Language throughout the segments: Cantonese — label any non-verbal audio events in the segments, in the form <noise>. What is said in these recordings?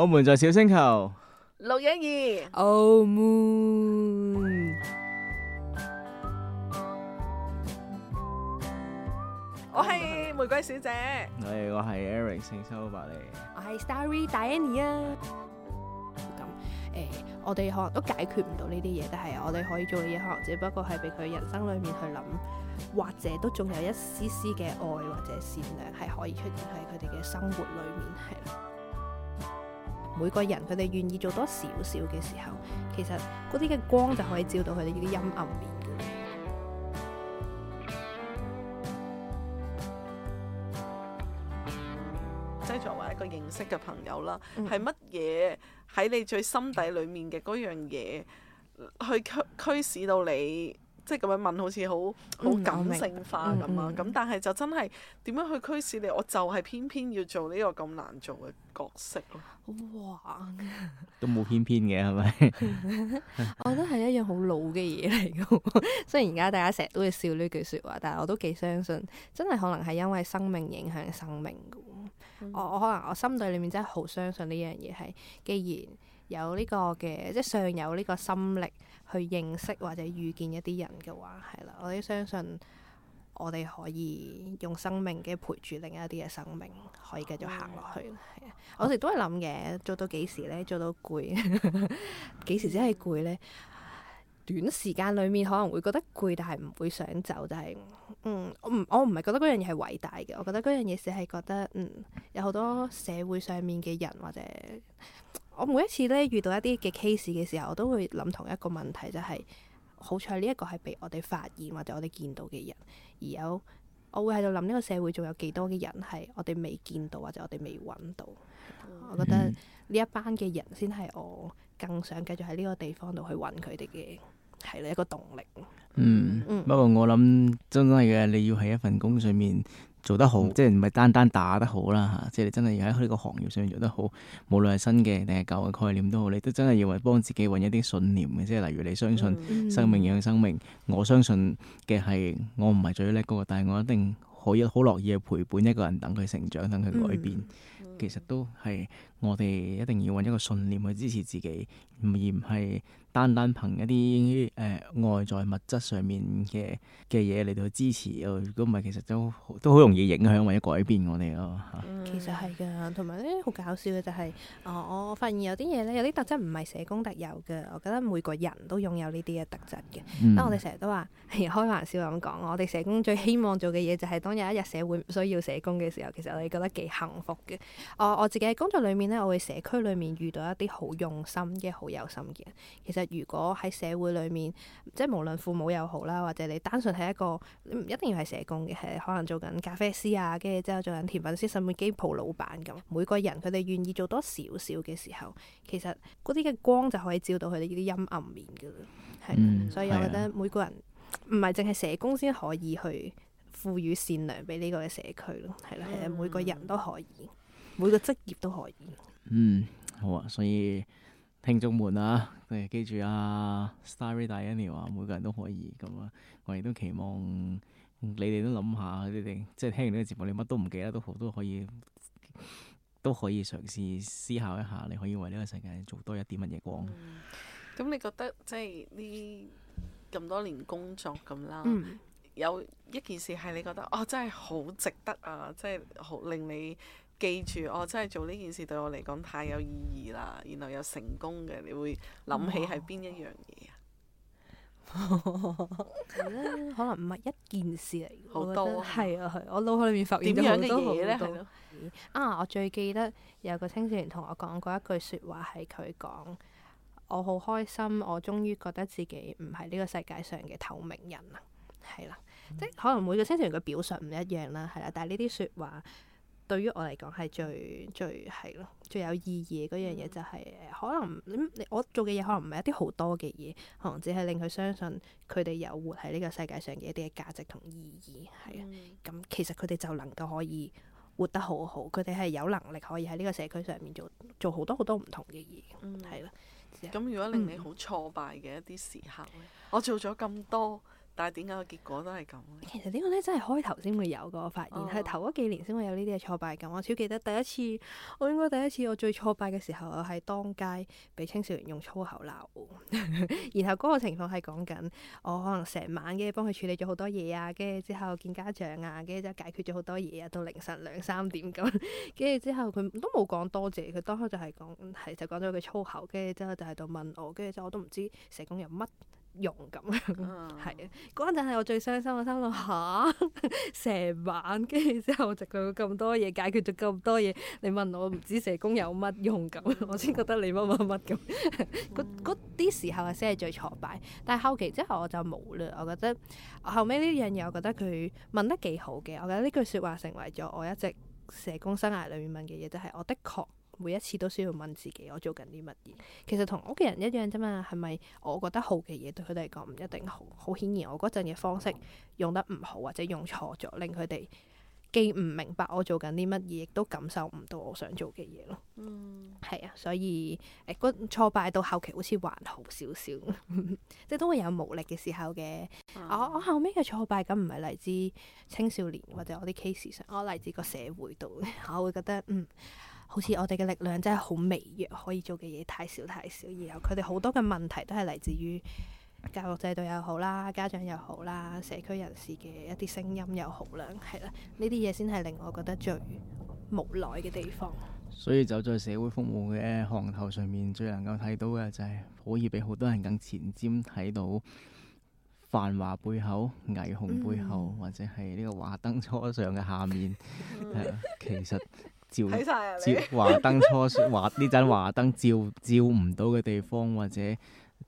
我們在小星球。陸影兒。澳門。我係玫瑰小姐。我係我係 Eric，姓收伯利。我係 Starry 大妮啊。咁，誒，我哋可能都解決唔到呢啲嘢，但係我哋可以做嘅嘢，可能只不過係俾佢人生裏面去諗，或者都仲有一絲絲嘅愛或者善良係可以出現喺佢哋嘅生活裏面，係啦。每個人佢哋願意做多少少嘅時候，其實嗰啲嘅光就可以照到佢哋呢啲陰暗面嘅。即係作為一個認識嘅朋友啦，係乜嘢喺你最心底裡面嘅嗰樣嘢，去驅驅使到你。即係咁樣問，好似好好感性化咁啊！咁但係就真係點樣去驅使你？我就係偏偏要做呢個咁難做嘅角色咯。哇、啊！ <laughs> 都冇偏偏嘅係咪？我覺得係一樣好老嘅嘢嚟嘅。 <laughs> 雖然而家大家成日都會笑呢句説話，但係我都幾相信，真係可能係因為生命影響生命嘅。嗯、我我可能我心底裡面真係好相信呢樣嘢係，既然有呢個嘅，即係尚有呢個心力。去認識或者遇見一啲人嘅話，係啦，我哋相信我哋可以用生命嘅陪住另一啲嘅生命，可以繼續行落去。嗯嗯、我哋都係諗嘅，做到幾時呢？做到攰，幾 <laughs> 時先係攰呢？短時間裏面可能會覺得攰，但係唔會想走。就係，嗯，我唔，我唔係覺得嗰樣嘢係偉大嘅。我覺得嗰樣嘢只係覺得，嗯，有好多社會上面嘅人或者我每一次咧遇到一啲嘅 case 嘅時候，我都會諗同一個問題，就係好彩呢一個係被我哋發現或者我哋見到嘅人，而有我會喺度諗呢個社會仲有幾多嘅人係我哋未見到或者我哋未揾到。嗯、我覺得呢一班嘅人先係我。更想繼續喺呢個地方度去揾佢哋嘅係一個動力。嗯，嗯，不過我諗真真係嘅，你要喺一份工上面做得好，嗯、即係唔係單單打得好啦嚇。即、就、係、是、你真係要喺呢個行業上面做得好，無論係新嘅定係舊嘅概念都好，你都真係要為幫自己揾一啲信念嘅，即係例如你相信生命養生命，嗯、我相信嘅係我唔係最叻個，但係我一定可以好樂意去陪伴一個人等佢成長、等佢改變。嗯嗯、其實都係。我哋一定要搵一個信念去支持自己，而唔係單單憑一啲誒、呃、外在物質上面嘅嘅嘢嚟到支持。如果唔係，其實都都好容易影響或者改變我哋咯。啊嗯、其實係㗎，同埋咧好搞笑嘅就係、是哦，我發現有啲嘢咧，有啲特質唔係社工特有嘅。我覺得每個人都擁有呢啲嘅特質嘅。啊，當我哋成日都話開玩笑咁講，我哋社工最希望做嘅嘢就係當有一日社會唔需要社工嘅時候，其實我哋覺得幾幸福嘅。我、哦、我自己喺工作裏面，我嘅社區裏面遇到一啲好用心嘅、好有心嘅人。其實，如果喺社會裏面，即係無論父母又好啦，或者你單純係一個，唔一定要係社工嘅，係可能做緊咖啡師啊，跟住之後做緊甜品師，甚至機鋪老闆咁。每個人佢哋願意做多少少嘅時候，其實嗰啲嘅光就可以照到佢哋呢啲陰暗面㗎啦。嗯、所以我覺得每個人唔係淨係社工先可以去賦予善良俾呢個嘅社區咯。係啦，係啊，嗯、每個人都可以。每個職業都可以。嗯，好啊，所以聽眾們啊，誒記住啊，Starry Diana 啊，每個人都可以咁啊，我亦都期望你哋都諗下，你哋即係聽完呢個節目，你乜都唔記得都好，都可以都可以嘗試思考一下，你可以為呢個世界做多一點乜嘢光。咁、嗯、你覺得即係呢咁多年工作咁啦，嗯、有一件事係你覺得哦真係好值得啊，即係好令你。記住，我、哦、真係做呢件事對我嚟講太有意義啦，然後又成功嘅，你會諗起係邊一樣嘢啊？可能唔係一件事嚟，好多係啊係，我腦海裏面發現好多嘢咧。啊，我最記得有個青少年同我講過一句説話，係佢講：我好開心，我終於覺得自己唔係呢個世界上嘅透明人啦。係啦，嗯、即係可能每個青少年嘅表述唔一樣啦，係啦，但係呢啲説話。對於我嚟講係最最係咯，最有意義嘅嗰樣嘢就係、是、誒，嗯、可能你你我做嘅嘢可能唔係一啲好多嘅嘢，可能只係令佢相信佢哋有活喺呢個世界上嘅一啲嘅價值同意義係啊，咁、嗯嗯、其實佢哋就能夠可以活得好好，佢哋係有能力可以喺呢個社區上面做做好多好多唔同嘅嘢，係咯。咁、嗯、如果令你好挫敗嘅一啲時刻咧，嗯、我做咗咁多。但係點解個結果都係咁咧？其實呢個咧，真係開頭先會有個發現，係、oh. 頭嗰幾年先會有呢啲嘅挫敗感。我超記得第一次，我應該第一次我最挫敗嘅時候，我係當街俾青少年用粗口鬧。 <laughs> 然後嗰個情況係講緊我可能成晚嘅幫佢處理咗好多嘢啊，跟住之後見家長啊，跟住之後解決咗好多嘢啊，到凌晨兩三點咁。跟住之後佢都冇講多謝，佢當初就係講係就講咗句粗口，跟住之後就喺度問我，跟住之後我都唔知社工有乜。用咁樣，係、嗯、啊！嗰陣係我最傷心，嘅心諗嚇，成、啊、晚跟住之後我積累咗咁多嘢，解決咗咁多嘢，你問我唔知社工有乜用咁，嗯、我先覺得你乜乜乜咁。嗰啲時候係先係最挫敗，但係後期之後我就冇啦。我覺得後尾呢樣嘢，我覺得佢問得幾好嘅。我覺得呢句説話成為咗我一直社工生涯裏面問嘅嘢，就係、是、我的確。每一次都需要問自己我，我做緊啲乜嘢？其實同屋企人一樣啫嘛，係咪我覺得好嘅嘢對佢哋嚟講唔一定好？好顯然，我嗰陣嘅方式用得唔好，或者用錯咗，令佢哋既唔明白我做緊啲乜嘢，亦都感受唔到我想做嘅嘢咯。嗯，係啊，所以誒、呃、挫敗到後期好似還好少少， <laughs> 即係都會有無力嘅時候嘅、嗯。我我後尾嘅挫敗感唔係嚟自青少年或者我啲 case 上，我嚟自個社會度，我會覺得嗯。好似我哋嘅力量真係好微弱，可以做嘅嘢太少太少。然後佢哋好多嘅問題都係嚟自於教育制度又好啦，家長又好啦，社區人士嘅一啲聲音又好啦，係啦，呢啲嘢先係令我覺得最無奈嘅地方。所以走在社會服務嘅行頭上面，最能夠睇到嘅就係、是、可以俾好多人更前瞻睇到繁華背後，霓虹背後，嗯、或者係呢個華燈初上嘅下面，嗯呃、其實。 <laughs> 照曬啊！華燈初，雪華呢陣 <laughs> 華燈照，照唔到嘅地方，或者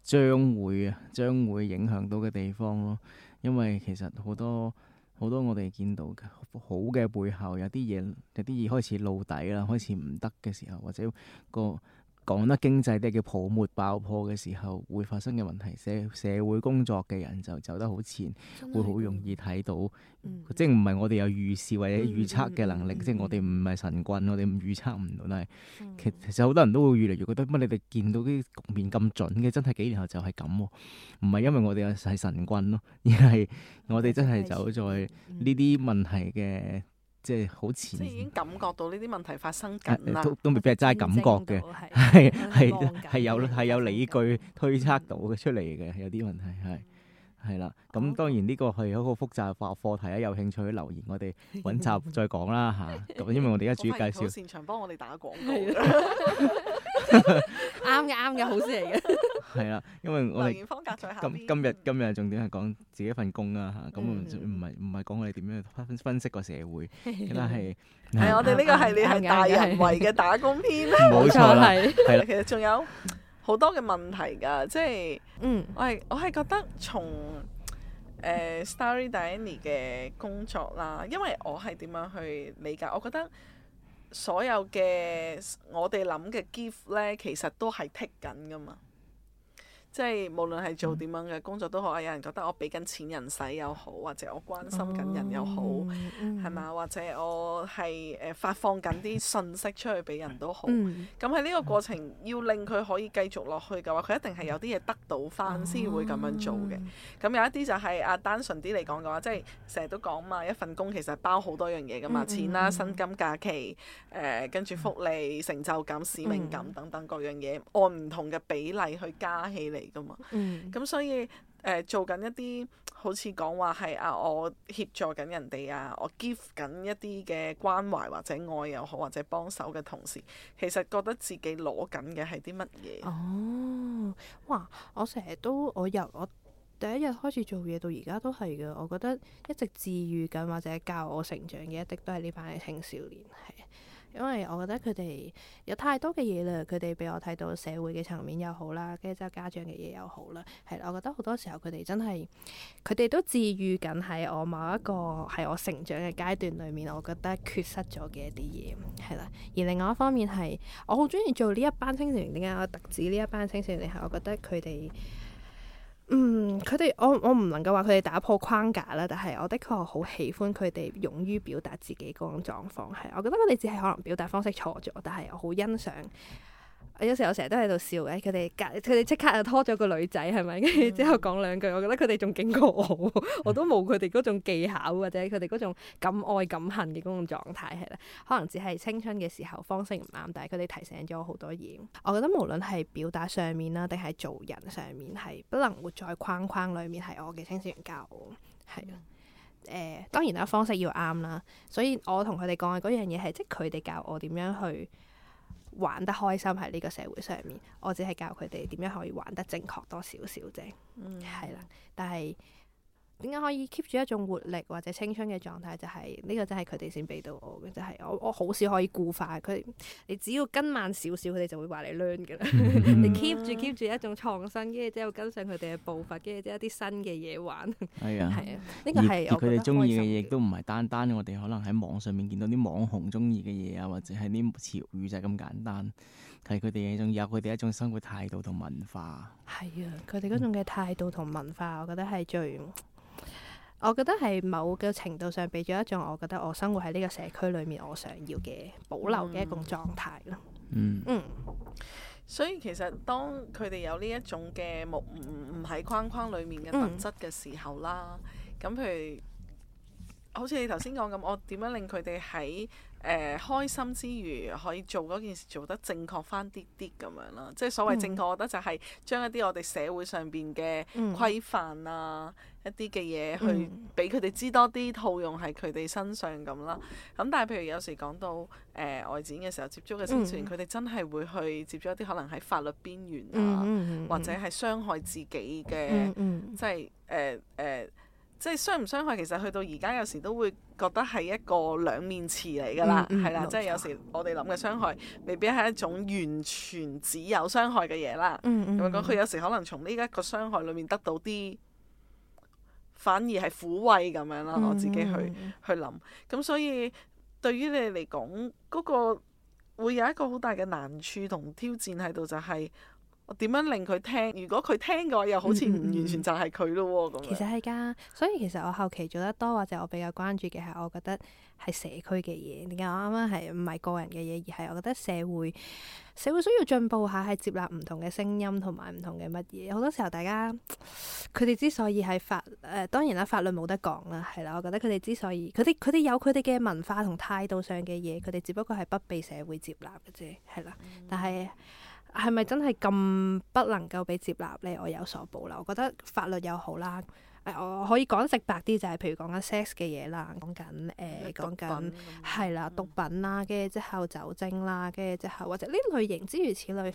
將會啊，將會影響到嘅地方咯。因為其實好多好多我哋見到嘅好嘅背後有，有啲嘢，有啲嘢開始露底啦，開始唔得嘅時候，或者個。講得經濟啲叫泡沫爆破嘅時候會發生嘅問題，社社會工作嘅人就走得好前，會好容易睇到。嗯、即係唔係我哋有預示或者預測嘅能力？嗯嗯、即係我哋唔係神棍，嗯、我哋唔預測唔到。但係其、嗯、其實好多人都會越嚟越覺得乜？嗯、你哋見到啲局面咁準嘅，真係幾年後就係咁喎。唔係因為我哋係神棍咯，而係我哋真係走在呢啲問題嘅。嗯嗯即係好前，即係已經感覺到呢啲問題發生緊、啊、都，都未必係齋感覺嘅，係係係有係有理據推測到嘅出嚟嘅，有啲問題係係啦。咁、嗯、當然呢個係一個複雜嘅課題啦。有興趣留言，我哋揾集再講啦吓，咁、 <laughs> 啊、因為我哋而家主要介紹， <laughs> 不不擅長幫我哋打廣告。 <laughs> <laughs> 啱嘅，啱嘅，好事嚟嘅。係啦，因為我哋方格在下。今日今日重點係講自己份工啊，吓，咁唔唔係唔係講我哋點樣分分析個社會，但係係我哋呢個系列係大人為嘅打工篇，冇錯啦。係啦，其實仲有好多嘅問題噶，即係嗯，我係我係覺得從誒 Starry Danny 嘅工作啦，因為我係點樣去理解，我覺得。所有嘅我哋諗嘅 gift 咧，其實都係剔緊噶嘛。即係無論係做點樣嘅工作都好，啊，有人覺得我俾緊錢人使又好，或者我關心緊人又好，係嘛、哦嗯？或者我係誒、呃、發放緊啲信息出去俾人都好。咁喺呢個過程要令佢可以繼續落去嘅話，佢一定係有啲嘢得到翻先會咁樣做嘅。咁、哦嗯、有一啲就係、是、啊，單純啲嚟講嘅話，即係成日都講嘛，一份工其實包好多樣嘢嘅嘛，嗯嗯、錢啦、薪金、假期、誒、呃、跟住福利、成就感、使命感等等各樣嘢，按唔同嘅比例去加起嚟。嚟噶嘛？咁、嗯、所以誒、呃、做緊一啲好似講話係啊，我協助緊人哋啊，我 give 緊一啲嘅關懷或者愛又好，或者幫手嘅同時，其實覺得自己攞緊嘅係啲乜嘢？哦，哇！我成日都我由我第一日開始做嘢到而家都係嘅，我覺得一直治癒緊或者教我成長嘅，一定都係呢班嘅青少年係。因為我覺得佢哋有太多嘅嘢啦，佢哋俾我睇到社會嘅層面又好啦，跟住之後家長嘅嘢又好啦，係啦，我覺得好多時候佢哋真係佢哋都治癒緊喺我某一個係我成長嘅階段裏面，我覺得缺失咗嘅一啲嘢，係啦。而另外一方面係我好中意做呢一班青少年，點解？我特指呢一班青少年係我覺得佢哋。嗯，佢哋我我唔能夠話佢哋打破框架啦，但係我的確好喜歡佢哋勇於表達自己嗰種狀況，係我覺得佢哋只係可能表達方式錯咗，但係我好欣賞。有時候我成日都喺度笑嘅，佢哋佢哋即刻就拖咗個女仔，係咪？跟住、嗯、之後講兩句，我覺得佢哋仲勁過我，嗯、我都冇佢哋嗰種技巧或者佢哋嗰種敢愛敢恨嘅嗰種狀態係啦。可能只係青春嘅時候方式唔啱，但係佢哋提醒咗我好多嘢。嗯、我覺得無論係表達上面啦，定係做人上面，係不能活在框框裡面。係我嘅青少年教我，係啦。誒、嗯呃，當然啦，方式要啱啦。所以我同佢哋講嘅嗰樣嘢係，即係佢哋教我點樣去。玩得開心，喺呢個社會上面，我只係教佢哋點樣可以玩得正確多少少啫，係啦、嗯，但係。點解可以 keep 住一種活力或者青春嘅狀態？就係、是、呢個真係佢哋先俾到我嘅，就係、是、我我好少可以固化佢。你只要跟慢少少，佢哋就會話 <laughs> 你 lame 嘅啦。你 keep 住 keep 住一種創新，跟住之後跟上佢哋嘅步伐，後跟住即係一啲新嘅嘢玩係、哎、呀啊，係啊，呢個係我覺得。佢哋中意嘅嘢都唔係單單我哋可能喺網上面見到啲網紅中意嘅嘢啊，嗯、或者係啲潮語就係咁簡單。係佢哋一種有佢哋一種生活態度同文化係啊，佢哋嗰種嘅態度同文化，啊、文化我覺得係最。嗯我覺得係某個程度上，俾咗一種我覺得我生活喺呢個社區裡面，我想要嘅保留嘅一種狀態咯。嗯，嗯所以其實當佢哋有呢一種嘅冇唔唔喺框框裡面嘅品質嘅時候啦，咁、嗯、譬如好似你頭先講咁，我點樣令佢哋喺誒開心之餘，可以做嗰件事做得正確翻啲啲咁樣啦。即、就、係、是、所謂正確，我覺得就係將一啲我哋社會上邊嘅規範啊。嗯嗯一啲嘅嘢去俾佢哋知多啲，套用喺佢哋身上咁啦。咁但係譬如有時講到誒外展嘅時候接觸嘅時候，佢哋真係會去接觸一啲可能喺法律邊緣啊，或者係傷害自己嘅，即係誒誒，即係傷唔傷害其實去到而家有時都會覺得係一個兩面詞嚟㗎啦，係啦，即係有時我哋諗嘅傷害未必係一種完全只有傷害嘅嘢啦。咁講佢有時可能從呢一個傷害裡面得到啲。反而係撫慰咁樣啦，我自己去、嗯、去諗。咁所以對於你嚟講，嗰、嗰個會有一個好大嘅難處同挑戰喺度、就係，就係。我點樣令佢聽？如果佢聽嘅話，又好似唔完全就係佢咯咁、嗯。其實係㗎，所以其實我後期做得多，或者我比較關注嘅係，我覺得係社區嘅嘢。點解我啱啱係唔係個人嘅嘢，而係我覺得社會社會需要進步下，係接納唔同嘅聲音同埋唔同嘅乜嘢。好多時候，大家佢哋之所以係法誒、呃，當然啦，法律冇得講啦，係啦。我覺得佢哋之所以佢哋佢哋有佢哋嘅文化同態度上嘅嘢，佢哋只不過係不被社會接納嘅啫，係啦。嗯、但係。係咪真係咁不能夠俾接納咧？我有所保留。我覺得法律又好啦，誒，我可以講直白啲就係、是，譬如講緊 sex 嘅嘢啦，講緊誒，講緊係啦，毒品啦，跟住之後酒精啦，跟住之後或者呢類型諸如此類，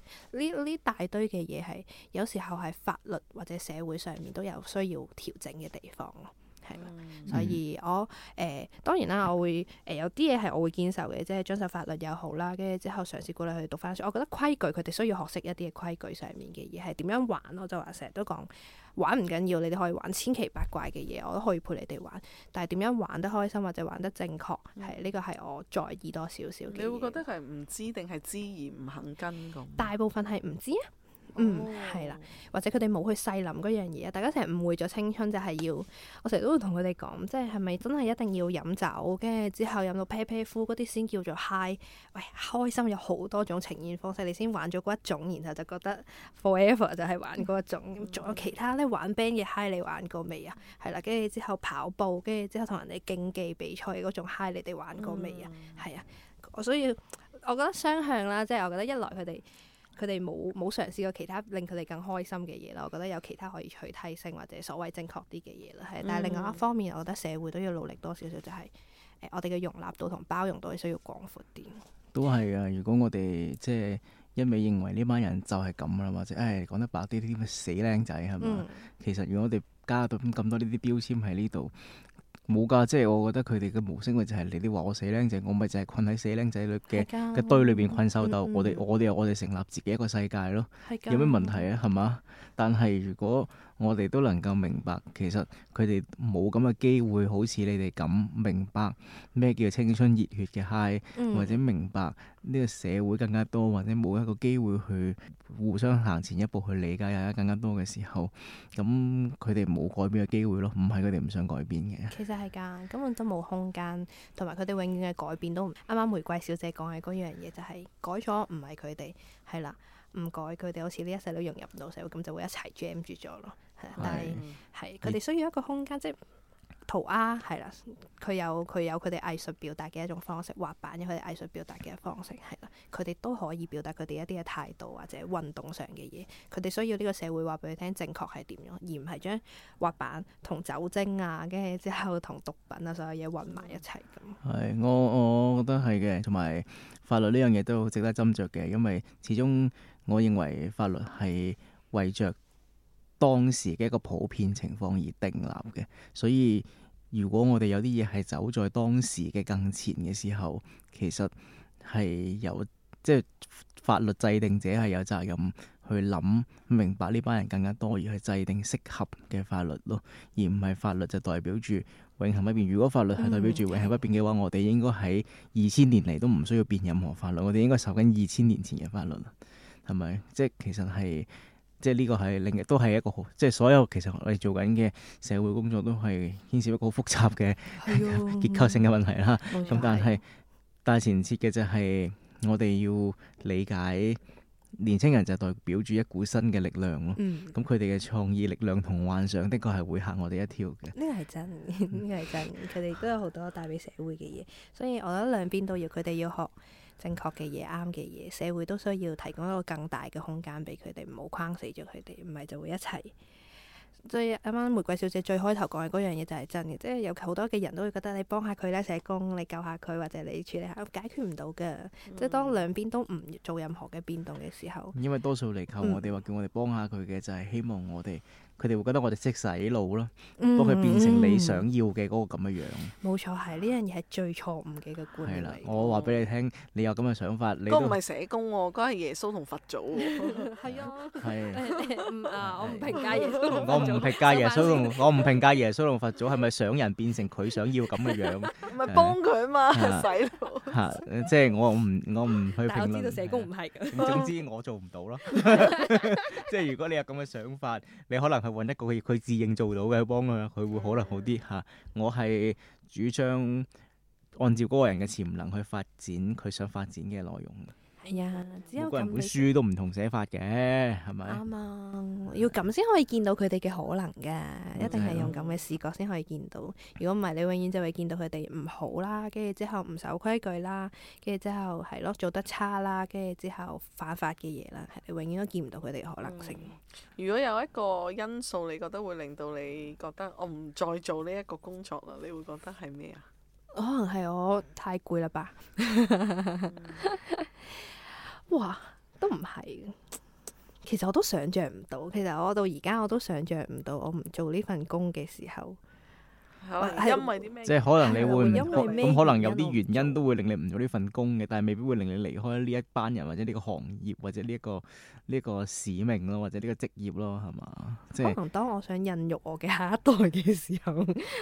呢呢大堆嘅嘢係有時候係法律或者社會上面都有需要調整嘅地方。係，所以我誒、呃、當然啦，我會誒、呃、有啲嘢係我會堅守嘅，即係遵守法律又好啦，跟住之後嘗試鼓勵去讀翻書。我覺得規矩佢哋需要學識一啲嘅規矩上面嘅嘢，係點樣玩。我就話成日都講玩唔緊要，你哋可以玩千奇百怪嘅嘢，我都可以陪你哋玩。但係點樣玩得開心或者玩得正確，係呢、嗯這個係我在意多少少嘅。你會覺得係唔知定係知而唔肯跟咁？大部分係唔知。嗯，係啦，或者佢哋冇去細諗嗰樣嘢啊！大家成日誤會咗青春就係、是、要，我成日都會同佢哋講，即係係咪真係一定要飲酒，跟住之後飲到啤啤呼嗰啲先叫做 high？喂、哎，開心有好多種呈現方式，你先玩咗嗰一種，然後就覺得 forever 就係玩嗰一種。仲、嗯、有其他呢？玩 band 嘅 high，你玩過未啊？係啦，跟住之後跑步，跟住之後同人哋競技比賽嗰種 high，你哋玩過未啊？係啊、嗯，所以我覺得雙向啦，即、就、係、是、我覺得一來佢哋。佢哋冇冇嘗試過其他令佢哋更開心嘅嘢啦，我覺得有其他可以去提升，或者所謂正確啲嘅嘢啦，係、嗯。但係另外一方面，我覺得社會都要努力多少少、就是，就係誒我哋嘅容納度同包容度需要廣闊啲。都係啊！如果我哋即係一味認為呢班人就係咁啦，或者誒、哎、講得白啲啲死靚仔係嘛？嗯、其實如果我哋加到咁多呢啲標籤喺呢度。冇㗎，即係我覺得佢哋嘅模式咪就係、是、你哋話我死僆仔，我咪就係困喺死僆仔嘅嘅堆裏邊困獸鬥、嗯嗯。我哋我哋我哋成立自己一個世界咯，的有咩問題啊？係嘛？但係如果，我哋都能夠明白，其實佢哋冇咁嘅機會，好似你哋咁明白咩叫青春熱血嘅 high、嗯、或者明白呢個社會更加多，或者冇一個機會去互相行前一步去理解，有得更加多嘅時候，咁佢哋冇改變嘅機會咯。唔係佢哋唔想改變嘅。其實係㗎，根本都冇空間，同埋佢哋永遠嘅改變都唔啱。啱啱玫瑰小姐講嘅嗰樣嘢、就係，就係改咗唔係佢哋，係啦，唔改佢哋好似呢一世都融入唔到社會，咁就會一齊 jam 住咗咯。係，但係，係佢哋需要一個空間，是即係塗鴉係啦。佢有佢有佢哋藝術表達嘅一種方式，滑板有佢哋藝術表達嘅方式係啦。佢哋都可以表達佢哋一啲嘅態度或者運動上嘅嘢。佢哋需要呢個社會話俾佢聽正確係點樣，而唔係將滑板同酒精啊，跟住之後同毒品啊，所有嘢混埋一齊咁。係，我我覺得係嘅，同埋法律呢樣嘢都好值得斟酌嘅，因為始終我認為法律係為着，當時嘅一個普遍情況而定立嘅，所以如果我哋有啲嘢係走在當時嘅更前嘅時候，其實係有即係法律制定者係有責任去諗明白呢班人更加多而去制定適合嘅法律咯，而唔係法律就代表住永恆不變。如果法律係代表住永恆不變嘅話，嗯就是，我哋應該喺二千年嚟都唔需要變任何法律，我哋應該受緊二千年前嘅法律，係咪？即係其實係。即係呢個係令，都係一個好，即係所有其實我哋做緊嘅社會工作都係牽涉一個好複雜嘅結構性嘅問題啦。咁但係大前設嘅就係我哋要理解年青人就代表住一股新嘅力量咯。咁佢哋嘅創意力量同幻想的確係會嚇我哋一跳嘅。呢個係真，呢個係真。佢哋 <laughs> 都有好多帶俾社會嘅嘢，所以我覺得兩邊都要，佢哋要學。正確嘅嘢，啱嘅嘢，社會都需要提供一個更大嘅空間俾佢哋，唔好框死咗佢哋，唔係就會一齊。所以啱啱玫瑰小姐最開頭講嘅嗰樣嘢就係真嘅，即係有好多嘅人都會覺得你幫下佢咧，社工你救下佢或者你處理下，解決唔到㗎。嗯、即係當兩邊都唔做任何嘅變動嘅時候。因為多數嚟求我哋話叫我哋幫下佢嘅，就係希望我哋、嗯。佢哋會覺得我哋識洗腦咯，幫佢變成你想要嘅嗰個咁嘅樣。冇錯，係呢樣嘢係最錯誤嘅個觀念。我話俾你聽，你有咁嘅想法，你唔係社工喎，嗰係耶穌同佛祖。係啊，係。啊，我唔評價耶穌同佛祖。我唔評價耶穌同我唔評價耶穌同佛祖係咪想人變成佢想要咁嘅樣？唔係幫佢啊嘛，洗腦。嚇！即係我唔我唔去評論。我知道社工唔係。總之我做唔到咯。即係如果你有咁嘅想法，你可能。係揾一個佢，自認做到嘅幫佢，佢會可能好啲吓、啊。我係主張按照嗰個人嘅潛能去發展，佢想發展嘅內容。係啊，哎、只有每本書都唔同寫法嘅，係咪吧？啱啱吧，要咁先可以見到佢哋嘅可能嘅，吧一定係用咁嘅視角先可以見到。如果唔係，你永遠就會見到佢哋唔好啦，跟住之後唔守規矩啦，跟住之後係咯做得差啦，跟住之後犯法嘅嘢啦，係你永遠都見唔到佢哋嘅可能性、嗯。如果有一個因素，你覺得會令到你覺得我唔再做呢一個工作啦，你會覺得係咩啊？可能係我太攰啦吧。嗯 <laughs> 哇，都唔係，其實我都想象唔到。其實我到而家我都想象唔到，我唔做呢份工嘅時候係因為啲咩？啊、即係可能你會咁，可能有啲原，原因都會令你唔做呢份工嘅，但係未必會令你離開呢一班人，或者呢、呢個行業、呢個，或者呢一個呢個使命咯，或者呢個職業咯，係、就、嘛、是？即係可能當我想孕育我嘅下一代嘅時候，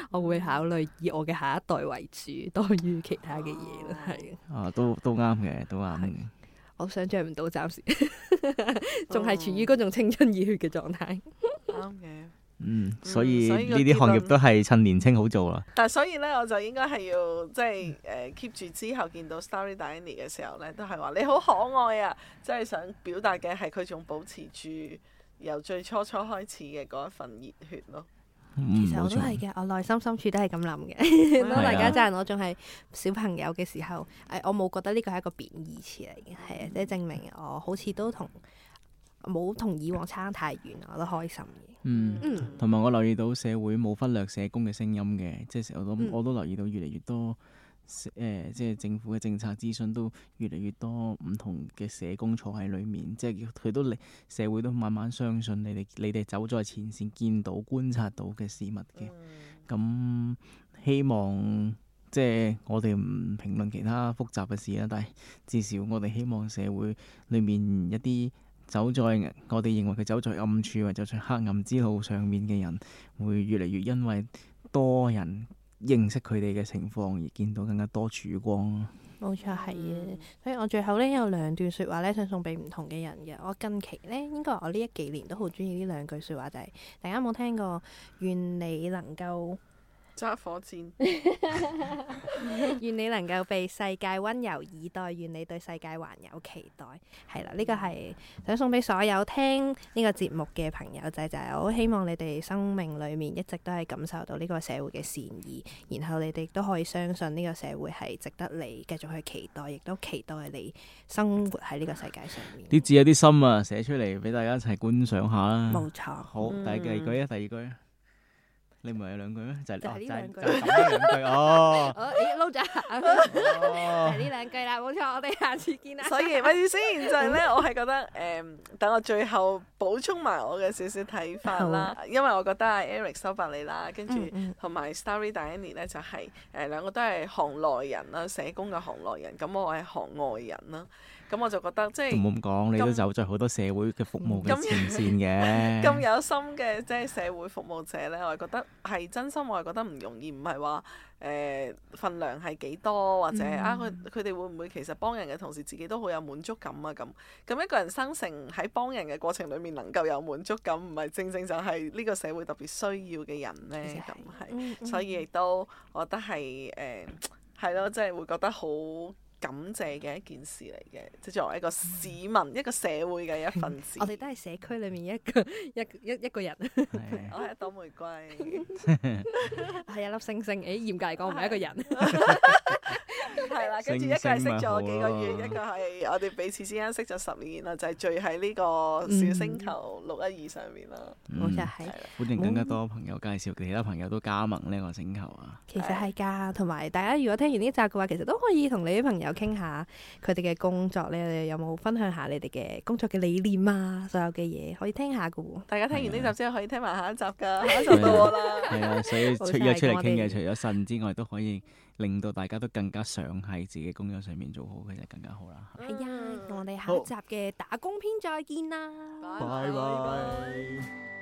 我會考慮以我嘅下一代為主，多於其他嘅嘢係啊，都都啱嘅，都啱嘅。我想象唔到，暫時仲係處於嗰種青春熱血嘅狀態。啱嘅，嗯，所以呢啲行業都係趁年青好做啦。但係、嗯、所以咧，我就應該係要即係誒 keep 住之後見到 Starry Danny 嘅時候咧，都係話你好可愛啊！即係想表達嘅係佢仲保持住由最初初開始嘅嗰一份熱血咯。嗯、其實我都係嘅，錯我內心深處都係咁諗嘅。當、嗯、 <laughs> 大家讚我仲係、啊、小朋友嘅時候，誒、哎，我冇覺得呢個係一個貶義詞嚟嘅，係啊，即係證明我好似都同冇同以往差太遠，我都開心嘅。嗯，同埋、嗯、我留意到社會冇忽略社工嘅聲音嘅，即、就、係、是、我諗我都留意到越嚟越多。嗯誒、呃，即係政府嘅政策諮詢都越嚟，越多唔同嘅社工坐喺裏面，即係佢都嚟，社會都慢慢相信你哋，你哋走在前綫見到觀察到嘅事物嘅。咁、嗯嗯、希望即係我哋唔評論其他複雜嘅事啦，但係至少我哋希望社會裏面一啲走在我哋認為佢走在暗處或者走在黑暗之路上面嘅人，會越嚟越因為多人。認識佢哋嘅情況而見到更加多曙光，冇錯係啊！所以我最後咧有兩段説話咧，想送俾唔同嘅人嘅。我近期咧，應該我呢一幾年都好鍾意呢兩句説話，就係、是、大家有冇聽過？願你能夠，揸火箭。願 <laughs> <laughs> 你能夠被世界温柔以待，願你對世界還有期待。係啦，呢、這個係想送俾所有聽呢個節目嘅朋友仔就係、是，我好希望你哋生命裏面一直都係感受到呢個社會嘅善意，然後你哋都可以相信呢個社會係值得你繼續去期待，亦都期待你生活喺呢個世界上面。啲字有啲深啊，寫出嚟俾大家一齊觀賞下啦。冇錯錯。好，第一、嗯、第二句啊，第二句。你唔係有兩句咩？就係、是、就係呢兩句哦。好， <laughs> 攞咗下，係呢 <laughs> 兩句啦，冇錯。我哋下次見啦。所以，咪意思，就係咧，我係覺得誒、嗯，等我最後補充埋我嘅少少睇法啦。好因為我覺得阿 Eric 收返你啦，跟住同埋 Starry Danny 咧，就係誒兩個都係行內人啦，社工嘅行內人。咁我係行外人啦。咁我就覺得，即係唔好咁講，你都走咗好多社會嘅服務嘅前線嘅。咁 <laughs> 有心嘅即係社會服務者咧，我係覺得係真心，我係覺得唔容易，唔係話誒份量係幾多或者啊佢佢哋會唔會其實幫人嘅同時，自己都好有滿足感啊咁。咁一個人生成喺幫人嘅過程裡面能夠有滿足感，唔係正正就係呢個社會特別需要嘅人咧？咁係，是嗯、所以亦都我覺得係誒，係、呃、咯，即係會覺得好。感謝嘅一件事嚟嘅，即係作為一個市民、一個社會嘅一份子。我哋都係社區裏面一個一一一個人，我係一朵玫瑰，係一粒星星。誒，嚴格嚟講唔係一個人。係啦，跟住一個係識咗幾個月，一個係我哋彼此之間識咗十年啦，就係聚喺呢個小星球六一二上面啦。好，就係歡迎更加多朋友介紹其他朋友都加盟呢個星球啊。其實係㗎，同埋大家如果聽完呢集嘅話，其實都可以同你啲朋友。傾下佢哋嘅工作咧，有冇分享下你哋嘅工作嘅理念啊？所有嘅嘢可以聽下噶。大家聽完呢集之後可以聽埋下一集噶， <laughs> 下一集到我啦。係啊，所以有出嚟傾嘅，除咗腎之外，都可以令到大家都更加想喺自己工作上面做好嘅，就更加好啦。係啊，我哋下一集嘅打工篇再見啦。拜拜。